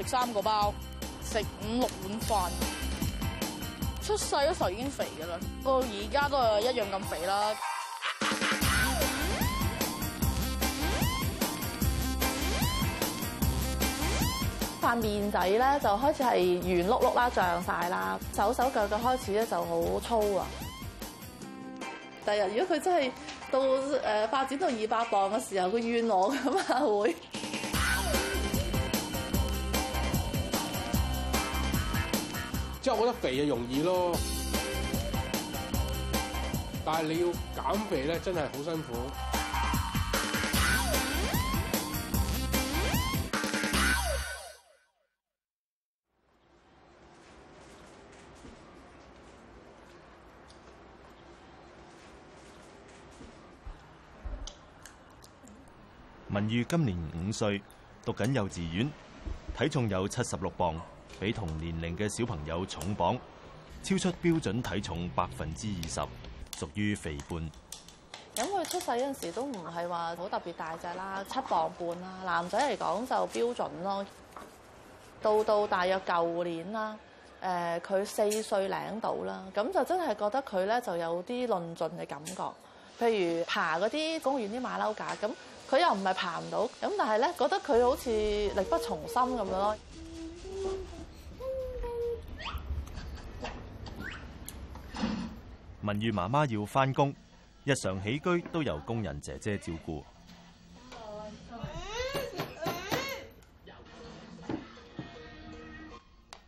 食三個包，食五六碗飯。出世嗰時候已經肥噶啦，到而家都係一樣咁肥啦。塊面仔咧就開始係圓碌碌啦、漲晒啦，手手腳腳開始咧就好粗啊。第日如果佢真係到誒發展到二百磅嘅時候，佢怨我噶嘛會。 即係我覺得肥就容易咯，但係你要減肥咧，真係好辛苦。文宇今年五歲，讀緊幼稚園，體重有七十六磅。比同年齡嘅小朋友重磅，超出標準體重百分之二十，屬於肥胖。咁佢出世嗰陣時都唔係話好特別大隻啦，七磅半啦。男仔嚟講就標準咯。到到大約舊年啦，誒佢四歲零到啦，咁就真係覺得佢咧就有啲論盡嘅感覺。譬如爬嗰啲公園啲馬騮架，咁佢又唔係爬唔到，咁但係咧覺得佢好似力不從心咁樣咯。文宇媽媽要翻工，日常起居都由工人姐姐照顧。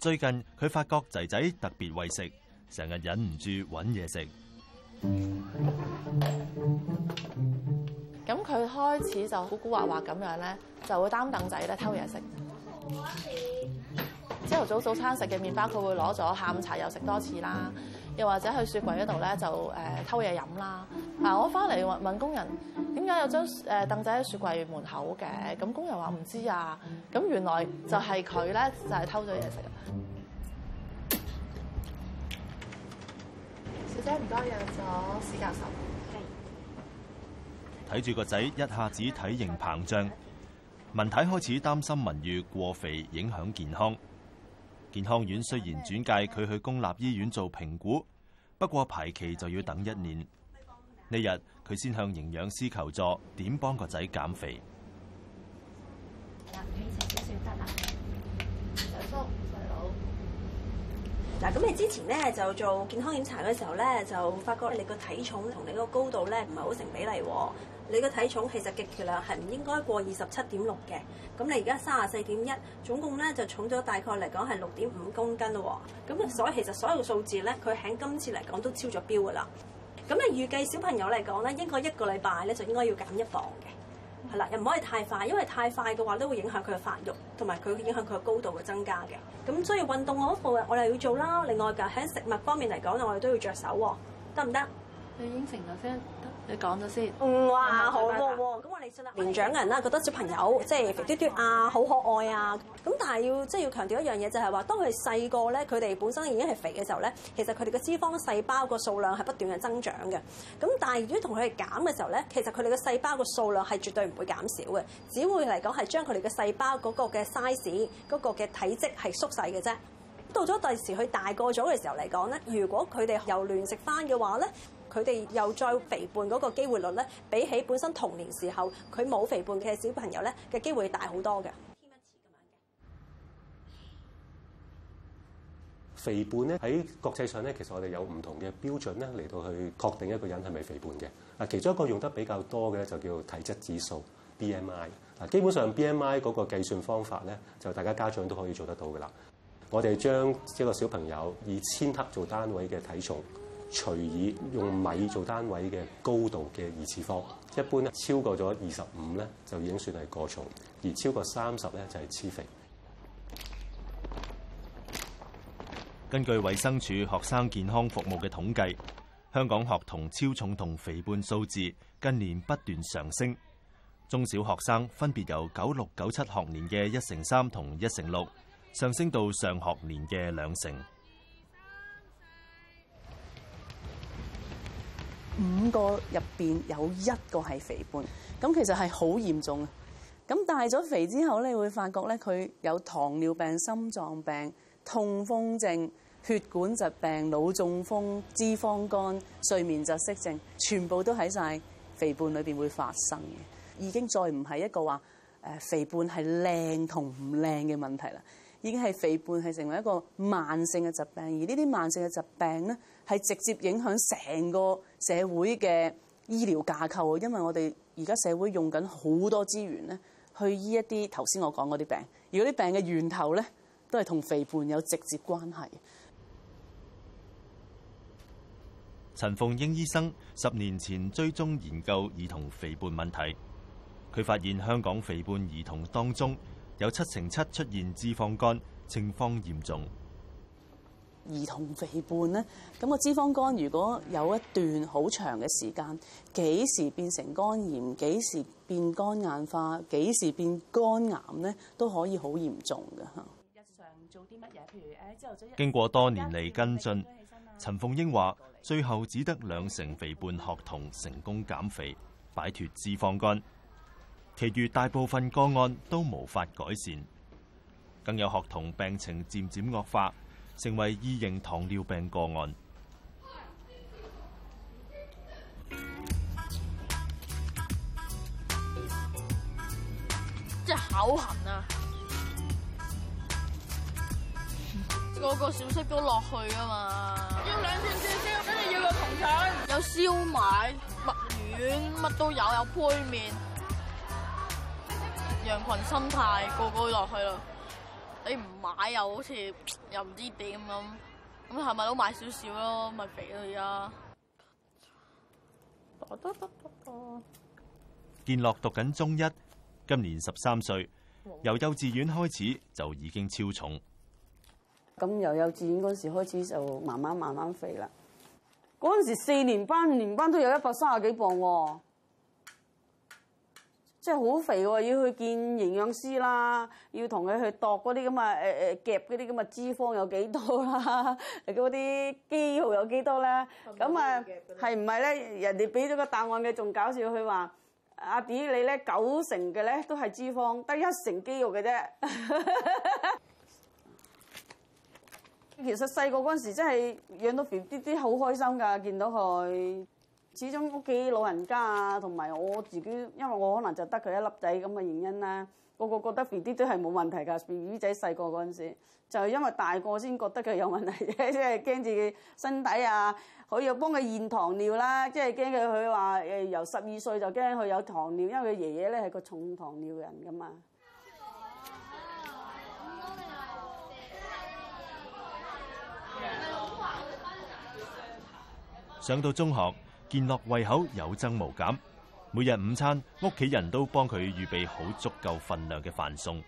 最近佢發覺仔仔特別為食，成日忍唔住揾嘢食。咁佢開始就古古惑惑咁樣咧，就會擔凳仔咧偷嘢食。朝頭早早餐食嘅麵包，佢會攞咗；下午茶又食多次啦。又或者去雪櫃嗰度咧就誒偷嘢飲啦！嗱，我翻嚟問問工人點解有張誒凳仔喺雪櫃門口嘅？咁工人話唔知啊。咁原來就係佢咧就係偷咗嘢食。小姐唔該，讓咗史教授。睇住個仔一下子體型膨脹，文太開始擔心文宇過肥影響健康。健康院雖然轉介佢去公立醫院做評估，不過排期就要等一年。呢日佢先向營養師求助，點幫個仔減肥？嗱，你都算得啦，細叔細佬。嗱，咁你之前咧就做健康檢查嘅時候咧，就發覺你個體重同你個高度咧唔係好成比例喎。你嘅體重其實極其量，係唔應該過二十七點六嘅。咁你而家三十四點一，總共咧就重咗大概嚟講係六點五公斤喎。咁所以其實所有數字咧，佢喺今次嚟講都超咗標㗎啦。咁你預計小朋友嚟講咧，應該一個禮拜咧就應該要減一磅嘅，係啦，又唔可以太快，因為太快嘅話都會影響佢嘅發育，同埋佢會影響佢嘅高度嘅增加嘅。咁所以運動嗰部分我哋要做啦，另外嘅喺食物方面嚟講，我哋都要着手喎，得唔得？你應承啊先。你講咗先。嗯，哇，好喎，咁我哋算啦。年長嘅人啦，覺得小朋友即係的肥嘟嘟啊，好的可愛啊。咁的但係要即係、就是、要強調一樣嘢，就係話，當佢哋細個咧，佢哋本身已經係肥嘅時候咧，其實佢哋嘅脂肪細胞個數量係不斷嘅增長嘅。咁但係如果同佢哋減嘅時候咧，其實佢哋嘅細胞個數量係絕對唔會減少嘅，只會嚟講係將佢哋嘅細胞嗰個嘅 size、嗰個嘅體積係縮細嘅啫。到咗第時佢大個咗嘅時候嚟講咧，如果佢哋又亂食返嘅話咧。佢哋又再肥胖嗰個機會率咧，比起本身童年時候佢冇肥胖嘅小朋友咧，嘅機會大好多嘅。肥胖咧，喺國際上咧，其實我哋有唔同嘅標準咧嚟到去確定一個人係咪肥胖嘅。嗱，其中一個用得比較多嘅就叫做體質指數 （BMI）。嗱，基本上 BMI 嗰個計算方法咧，就大家家長都可以做得到噶啦。我哋將一個小朋友以千克做單位嘅體重。隨除以用米做單位嘅高度嘅二次方，一般，呢超過咗二十五呢，就已經算係過重，而超過三十呢，就係癡肥。根據衛生署學生健康服務嘅統計，香港學童超重同肥胖數字近年不斷上升，中小學生分別由九六九七學年嘅一成三同一成六上升到上學年嘅兩成。五個入邊有一個係肥胖，咁其實係好嚴重啊！咁大咗肥之後咧，會發覺咧，佢有糖尿病、心臟病、痛風症、血管疾病、腦中風、脂肪肝、睡眠窒息症，全部都喺晒肥胖裏邊會發生嘅，已經再唔係一個話肥胖係靚同唔靚嘅問題啦。已經係肥胖係成為一個慢性嘅疾病，而呢啲慢性嘅疾病呢，係直接影響成個社會嘅醫療架構。因為我哋而家社會用緊好多資源呢，去醫一啲頭先我講嗰啲病，而嗰啲病嘅源頭呢，都係同肥胖有直接關係。陳鳳英醫生十年前追蹤研究兒童肥胖問題，佢發現香港肥胖兒童當中，有七成七出現脂肪肝，情況嚴重。兒童肥胖呢？咁個脂肪肝如果有一段好長嘅時間，幾時變成肝炎？幾時變肝硬化？幾時變肝癌呢？都可以好嚴重㗎。日常做啲乜嘢？譬如，經過多年嚟跟進，陳鳳英話，最後只得兩成肥胖學童成功減肥，擺脱脂肪肝。其餘大部分個案都無法改善，更有學童病情漸漸惡化，成為二型糖尿病個案。即係口痕啊！個個小息都落去啊嘛！要兩串串燒，跟住要個同腸。有燒賣、墨丸、乜都有，有杯麵。羊群心態，個個落去啦。你唔買又好似又唔知點咁，咁係咪都買少少咯？咪肥咯而家。健樂讀緊中一，今年十三歲，由幼稚園開始就已經超重。咁由幼稚園嗰時開始就慢慢慢慢肥啦。嗰陣時四年班、五年班都有一百三十幾磅喎。即係好肥喎，要去見營養師啦，要同佢去度嗰啲咁啊誒誒夾嗰啲咁啊脂肪有幾多啦？嗰啲肌肉有幾多咧？咁啊係唔係咧？人哋俾咗個答案嘅，仲搞笑，佢話阿 Dee 你咧九成嘅咧都係脂肪，得一成肌肉嘅啫。其實細個嗰陣時真係養到肥啲啲，好開心㗎，見到佢。始終屋企老人家啊，同埋我自己，因為我可能就得佢一粒仔咁嘅原因啦。個個覺得肥啲都係冇問題㗎，肥仔細個嗰陣時就係因為大個先覺得佢有問題，即係驚自己身體啊，佢又幫佢驗糖尿啦，即係驚佢佢話誒由十二歲就驚佢有糖尿，因為佢爺爺咧係個重糖尿人㗎嘛。上到中學。健樂胃口有增無減，每日午餐屋企人都幫佢預備好足夠份量嘅飯餸。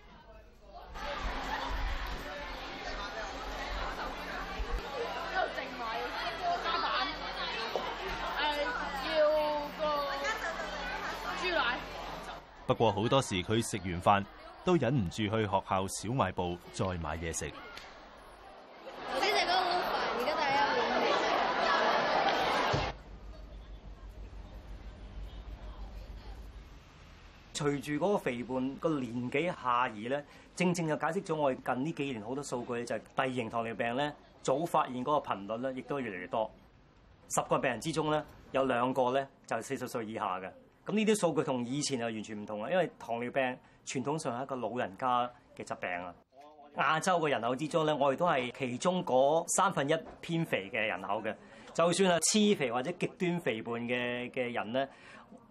不過好多時佢食完飯都忍唔住去學校小賣部再買嘢食。隨住嗰個肥胖個年紀下移咧，正正就解釋咗我哋近呢幾年好多數據，就係第二型糖尿病咧，早發現嗰個頻率咧，亦都越嚟越多。十個病人之中咧，有兩個咧就係四十歲以下嘅。咁呢啲數據同以前就完全唔同啦，因為糖尿病傳統上係一個老人家嘅疾病啊。亞洲嘅人口之中咧，我哋都係其中嗰三分一偏肥嘅人口嘅。就算係癡肥或者極端肥胖嘅嘅人咧，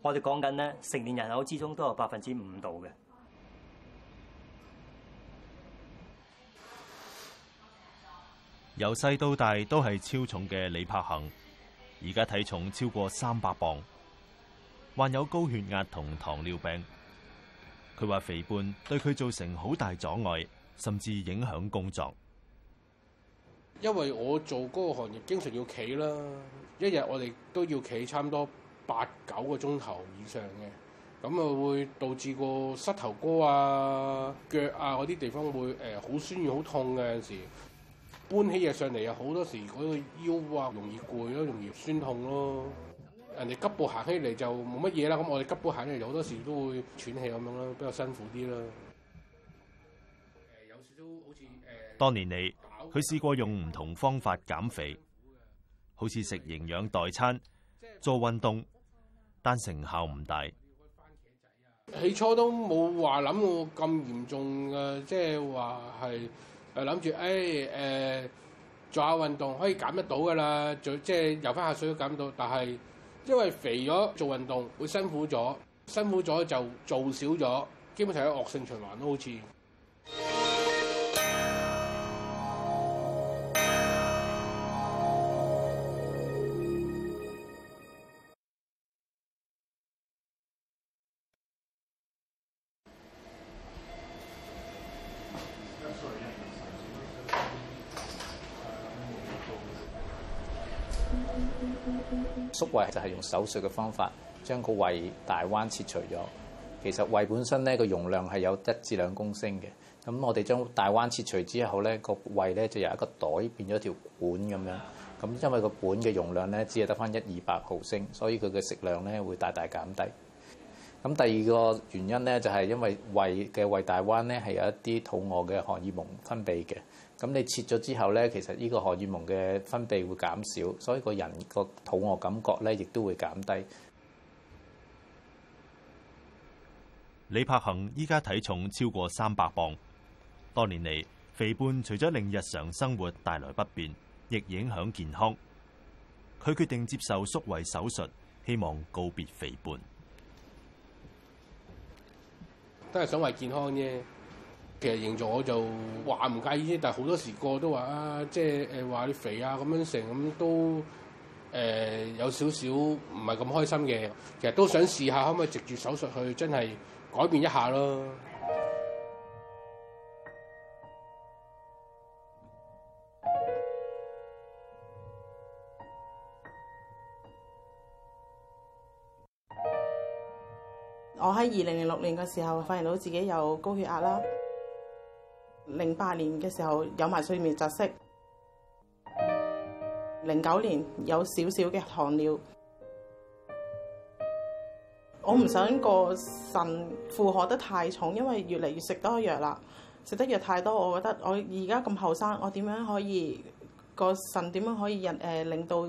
我哋講緊咧成年人口之中都有百分之五度嘅。由細到大都係超重嘅李柏恒，而家體重超過三百磅，患有高血壓同糖尿病。佢話肥胖對佢造成好大阻礙。甚至影響工作，因為我做嗰個行業經常要企啦，一日我哋都要企差唔多八九個鐘頭以上嘅，咁啊會導致個膝頭哥啊、腳啊嗰啲地方會誒好酸軟、好痛嘅。有時搬起嘢上嚟又好多時嗰個腰啊容易攰咯，容易酸痛咯。人哋急步行起嚟就冇乜嘢啦，咁我哋急步行起嚟好多時都會喘氣咁樣咯，比較辛苦啲啦。好似，多年嚟，佢試過用唔同方法減肥，好似食營養代餐、做運動，但成效唔大。起初都冇話諗過咁嚴重嘅，即係話係誒諗住，誒誒、哎呃、做下運動可以減得到㗎啦，最即係游翻下水都減到。但係因為肥咗做運動會辛苦咗，辛苦咗就做少咗，基本上係惡性循環都好似。胃就係用手術嘅方法將個胃大彎切除咗。其實胃本身咧個容量係有一至兩公升嘅。咁我哋將大彎切除之後咧，個胃咧就由一個袋變咗條管咁樣。咁因為個管嘅容量咧只係得返一二百毫升，所以佢嘅食量咧會大大減低。咁第二個原因咧就係因為胃嘅胃大彎咧係有一啲肚餓嘅荷爾蒙分泌嘅。咁你切咗之後呢，其實呢個荷爾蒙嘅分泌會減少，所以個人個肚餓感覺呢亦都會減低。李柏恒依家體重超過三百磅，多年嚟肥胖除咗令日常生活帶來不便，亦影響健康。佢決定接受縮胃手術，希望告別肥胖。都係想為健康啫。其實形狀我就話唔介意啫，但係好多時過都話啊，即係誒話你肥啊咁樣，成咁都誒、呃、有少少唔係咁開心嘅。其實都想試下可唔可以藉住手術去真係改變一下咯。我喺二零零六年嘅時候發現到自己有高血壓啦。零八年嘅時候有埋睡眠窒息，零九年有少少嘅糖尿。嗯、我唔想個腎負荷得太重，因為越嚟越食多藥啦。食得藥太多，我覺得我而家咁後生，我點樣可以個腎點樣可以人誒、呃、令到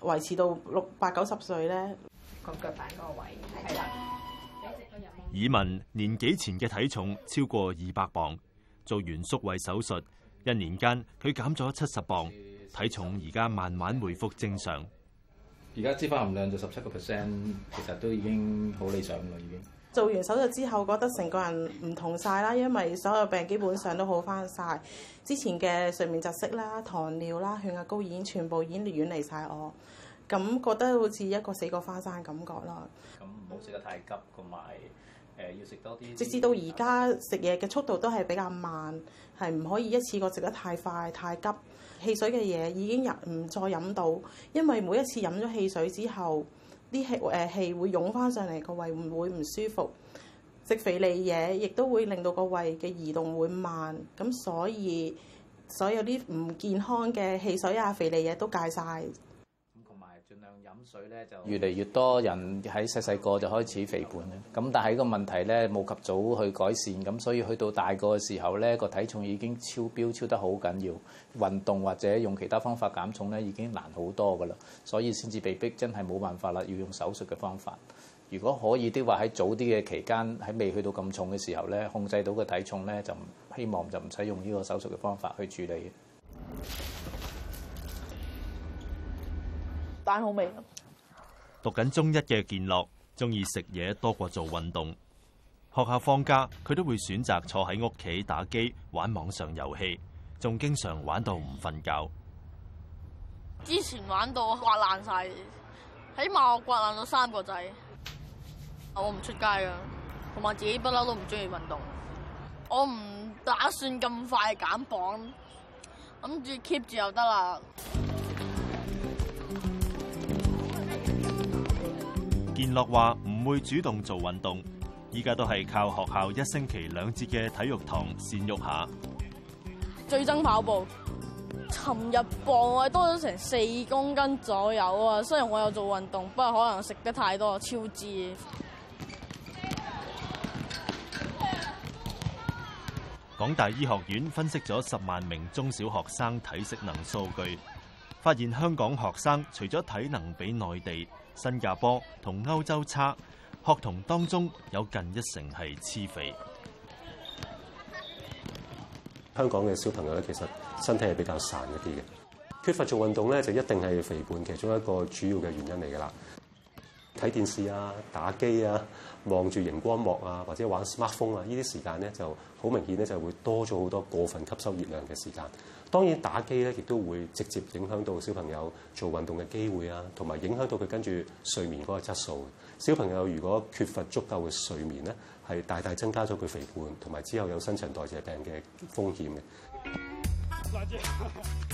維持到六八九十歲咧？個腳板嗰個位係啦，一直都有。年幾前嘅體重超過二百磅。做完縮胃手術，一年間佢減咗七十磅，體重而家慢慢回復正常。而家脂肪含量就十七個 percent，其實都已經好理想啦已經。做完手術之後，覺得成個人唔同晒啦，因為所有病基本上都好翻晒。之前嘅睡眠窒息啦、糖尿啦、血壓高已經全部遠離晒我，咁覺得好似一個死過翻生感覺啦。咁唔好食得太急，同埋，要食多啲，直至到而家食嘢嘅速度都係比較慢，係唔可以一次過食得太快太急。汽水嘅嘢已經飲唔再飲到，因為每一次飲咗汽水之後，啲氣誒，氣會湧翻上嚟，個胃會唔舒服。食肥膩嘢亦都會令到個胃嘅移動會慢，咁所以所有啲唔健康嘅汽水啊、肥膩嘢都戒晒。水咧就越嚟越多人喺細細個就開始肥胖啦。咁但係個問題咧冇及早去改善，咁所以去到大個嘅時候咧，個體重已經超標超得好緊要。運動或者用其他方法減重咧，已經難好多㗎喇。所以先至被逼真係冇辦法啦，要用手術嘅方法。如果可以嘅話喺早啲嘅期間，喺未去到咁重嘅時候咧，控制到個體重咧，就希望就唔使用呢個手術嘅方法去處理。蛋好味咯！讀緊中一嘅健樂，中意食嘢多過做運動。學校放假，佢都會選擇坐喺屋企打機、玩網上遊戲，仲經常玩到唔瞓覺。之前玩到刮爛晒，起碼我刮爛咗三個仔。我唔出街啊，同埋自己不嬲都唔中意運動。我唔打算咁快減磅，諗住 keep 住又得啦。健樂話唔會主動做運動，依家都係靠學校一星期兩節嘅體育堂，善喐下。最憎跑步，尋日磅位多咗成四公斤左右啊！雖然我有做運動，不過可能食得太多，超支。港大醫學院分析咗十萬名中小學生體適能數據，發現香港學生除咗體能比內地新加坡同歐洲差，學童當中有近一成係癡肥。香港嘅小朋友咧，其實身體係比較散一啲嘅，缺乏做運動咧，就一定係肥胖其中一個主要嘅原因嚟噶啦。睇電視啊、打機啊、望住熒光幕啊，或者玩 smartphone 啊，呢啲時間咧就好明顯咧就會多咗好多過分吸收熱量嘅時間。當然打機咧亦都會直接影響到小朋友做運動嘅機會啊，同埋影響到佢跟住睡眠嗰個質素。小朋友如果缺乏足夠嘅睡眠咧，係大大增加咗佢肥胖同埋之後有新陳代謝病嘅風險嘅。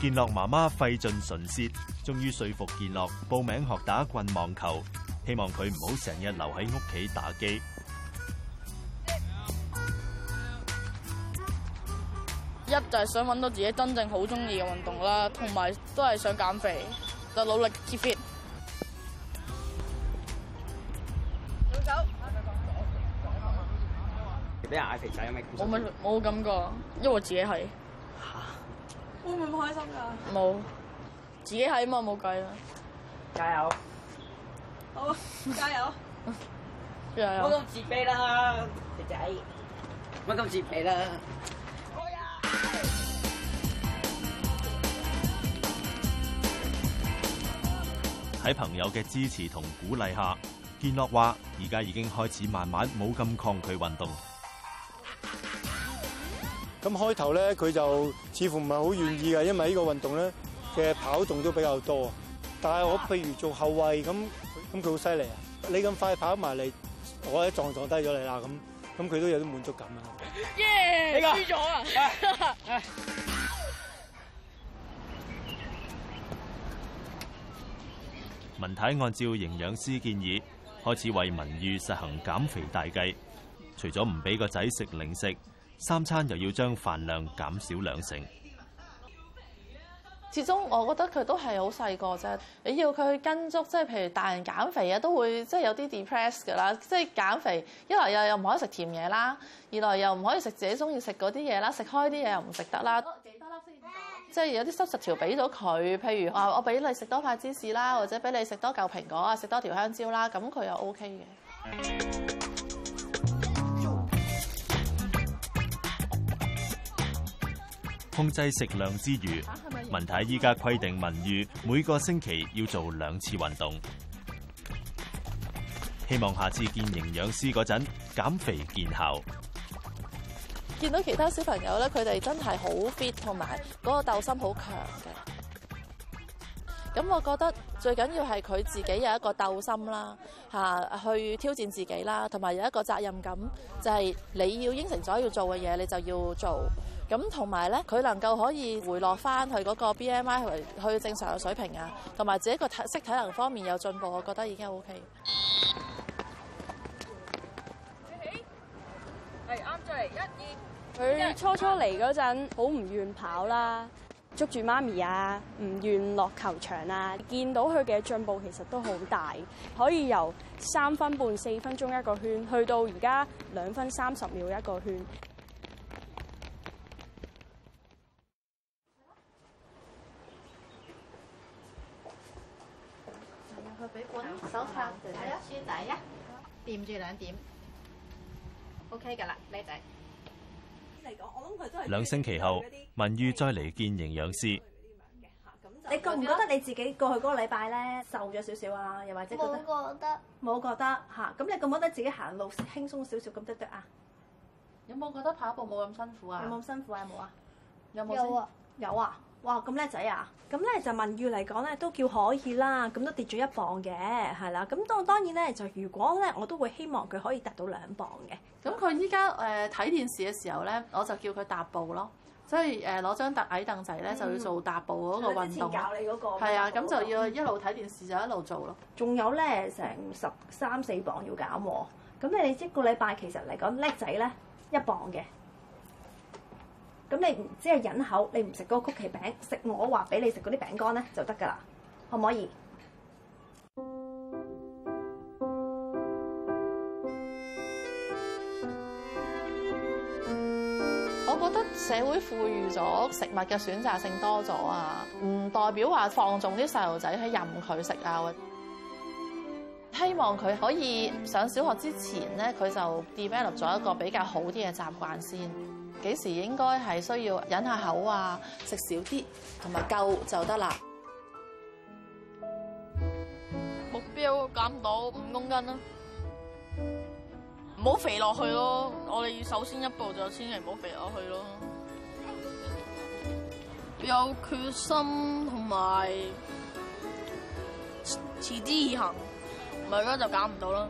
健樂媽媽費盡唇舌，終於說服健樂報名學打棍網球，希望佢唔好成日留喺屋企打機。一就係、是、想揾到自己真正好中意嘅運動啦，同埋都係想減肥，就努力 keep fit 手。俾人嗌肥仔咩？冇冇感，感覺，因為我自己係。會唔會唔開心噶？冇，自己喺嘛冇計啦。加油！好，加油！ 加油！唔好咁自卑啦，肥仔，唔好咁自卑啦。喺朋友嘅支持同鼓勵下，健樂話而家已經開始慢慢冇咁抗拒運動。咁開頭咧，佢就似乎唔係好願意嘅，因為呢個運動咧嘅跑動都比較多。但係我譬如做後衞咁，咁佢好犀利啊！你咁快跑埋嚟，我一撞撞低咗你啦！咁咁佢都有啲滿足感啊！你、yeah, 輸咗啊！ 文太按照營養師建議，開始為文裕實行減肥大計。除咗唔俾個仔食零食。三餐又要將飯量減少兩成。始終我覺得佢都係好細個啫，你要佢去跟足，即係譬如大人減肥啊，都會即係有啲 depressed 噶啦。即係減肥，一來又又唔可以食甜嘢啦，二來又唔可以食自己中意食嗰啲嘢啦，食開啲嘢又唔食得啦。幾多粒先？即係有啲濕濕條俾咗佢，譬如話我俾你食多塊芝士啦，或者俾你食多嚿蘋果啊，食多條香蕉啦，咁佢又 OK 嘅。控制食量之餘，文太依家規定文宇每個星期要做兩次運動，希望下次見營養師嗰陣減肥見效。見到其他小朋友咧，佢哋真係好 fit，同埋嗰個鬥心好強嘅。咁我覺得最緊要係佢自己有一個鬥心啦，吓去挑戰自己啦，同埋有一個責任感，就係你要應承咗要做嘅嘢，你就要做。咁同埋咧，佢能夠可以回落翻佢嗰個 BMI 去到正常嘅水平啊，同埋自己個體適體能方面有進步，我覺得已經 OK。係啱，再嚟一二。佢初初嚟嗰陣好唔願跑啦，捉住媽咪啊，唔願落球場啊，見到佢嘅進步其實都好大，可以由三分半四分鐘一個圈，去到而家兩分三十秒一個圈。睇啊，係啊，薯仔啊，掂住兩點，OK 噶啦，靚仔。嚟講，我諗佢都係兩星期後，文宇再嚟見營養師。你覺唔覺得者你自己過去嗰個禮拜咧瘦咗少少啊？又或者覺得冇覺得？吓，咁你覺唔覺得自己行路輕鬆少少咁得唔得啊？有冇覺得跑步冇咁辛苦啊？有冇咁辛苦啊？有冇啊？有啊！有啊！哇，咁叻仔啊！咁咧就文語嚟講咧都叫可以啦，咁都跌咗一磅嘅，係啦。咁我當然咧就如果咧我都會希望佢可以達到兩磅嘅。咁佢依家誒睇電視嘅時候咧，我就叫佢踏步咯，所以誒攞、呃、張矮凳仔咧就要做踏步嗰個運動、嗯、教你嗰個，那個。係啊，咁就要一路睇電視就一路做咯。仲有咧成十三四磅要減喎，咁你知道一個禮拜其實嚟講叻仔咧一磅嘅。咁你唔只係忍口，你唔食嗰個曲奇餅，食我話俾你食嗰啲餅乾咧就得噶啦，可唔可以？我覺得社會富裕咗，食物嘅選擇性多咗啊，唔代表話放縱啲細路仔去任佢食啊！希望佢可以上小學之前咧，佢就 develop 咗一個比較好啲嘅習慣先。幾時應該係需要忍下口啊？食少啲，同埋夠就得啦。目標減到五公斤啦，唔好肥落去咯。我哋首先一步就千祈唔好肥落去咯。有決心同埋持之以恒，唔係咧就減唔到啦。